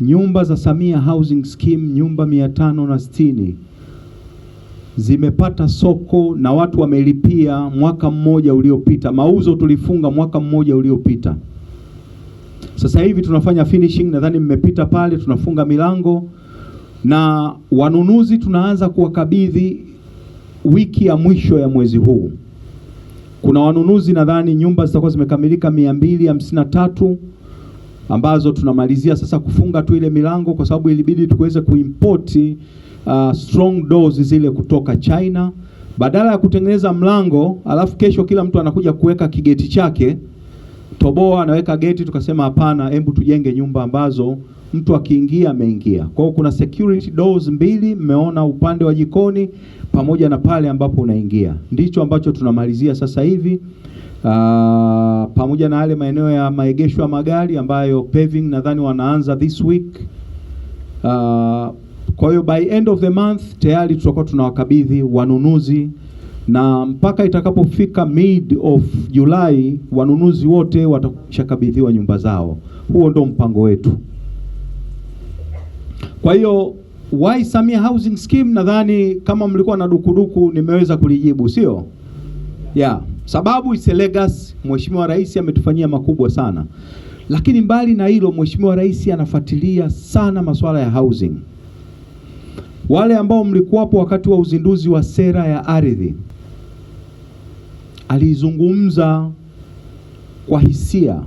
Nyumba za Samia Housing Scheme nyumba mia tano na sitini zimepata soko na watu wamelipia mwaka mmoja uliopita. Mauzo tulifunga mwaka mmoja uliopita. Sasa hivi tunafanya finishing, nadhani mmepita pale, tunafunga milango na wanunuzi tunaanza kuwakabidhi wiki ya mwisho ya mwezi huu. Kuna wanunuzi nadhani nyumba zitakuwa zimekamilika mia mbili hamsini na tatu ambazo tunamalizia sasa kufunga tu ile milango, kwa sababu ilibidi tuweze kuimport uh, strong doors zile kutoka China badala ya kutengeneza mlango alafu kesho kila mtu anakuja kuweka kigeti chake, toboa anaweka geti. Tukasema hapana, hebu tujenge nyumba ambazo mtu akiingia ameingia. Kwa hiyo kuna security doors mbili, mmeona upande wa jikoni pamoja na pale ambapo unaingia, ndicho ambacho tunamalizia sasa hivi. Uh, pamoja na yale maeneo ya maegesho ya magari ambayo paving nadhani wanaanza this week. Uh, kwa hiyo by end of the month tayari tutakuwa tunawakabidhi wanunuzi na mpaka itakapofika mid of July wanunuzi wote watashakabidhiwa nyumba zao. Huo ndo mpango wetu. Kwa hiyo why Samia Housing Scheme, nadhani kama mlikuwa na dukuduku nimeweza kulijibu, sio? Yeah sababu is a legacy. Mheshimiwa Rais ametufanyia makubwa sana, lakini mbali na hilo, Mheshimiwa Rais anafuatilia sana masuala ya housing. Wale ambao mlikuwapo wakati wa uzinduzi wa sera ya ardhi, aliizungumza kwa hisia,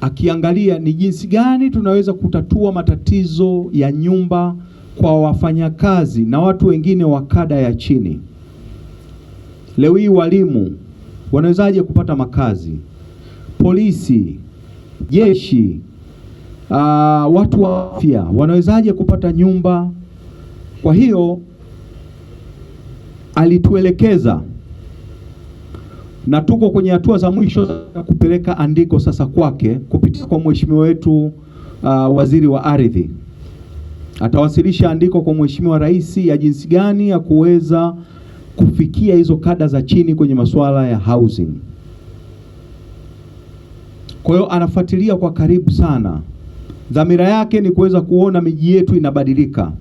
akiangalia ni jinsi gani tunaweza kutatua matatizo ya nyumba kwa wafanyakazi na watu wengine wa kada ya chini. Leo hii walimu wanawezaje kupata makazi? Polisi, jeshi, uh, watu wa afya wanawezaje kupata nyumba? Kwa hiyo alituelekeza na tuko kwenye hatua za mwisho za kupeleka andiko sasa kwake kupitia kwa mheshimiwa wetu uh, waziri wa ardhi atawasilisha andiko kwa mheshimiwa rais ya jinsi gani ya kuweza kufikia hizo kada za chini kwenye masuala ya housing. Kwa hiyo anafuatilia kwa karibu sana, dhamira yake ni kuweza kuona miji yetu inabadilika.